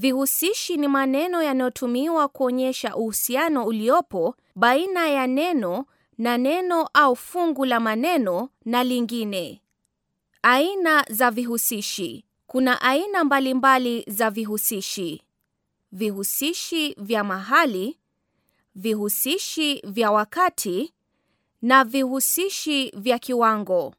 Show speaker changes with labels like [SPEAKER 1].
[SPEAKER 1] Vihusishi ni maneno yanayotumiwa kuonyesha uhusiano uliopo baina ya neno na neno au fungu la maneno na lingine. Aina za vihusishi. Kuna aina mbalimbali za vihusishi: vihusishi vya mahali, vihusishi vya wakati na vihusishi vya kiwango.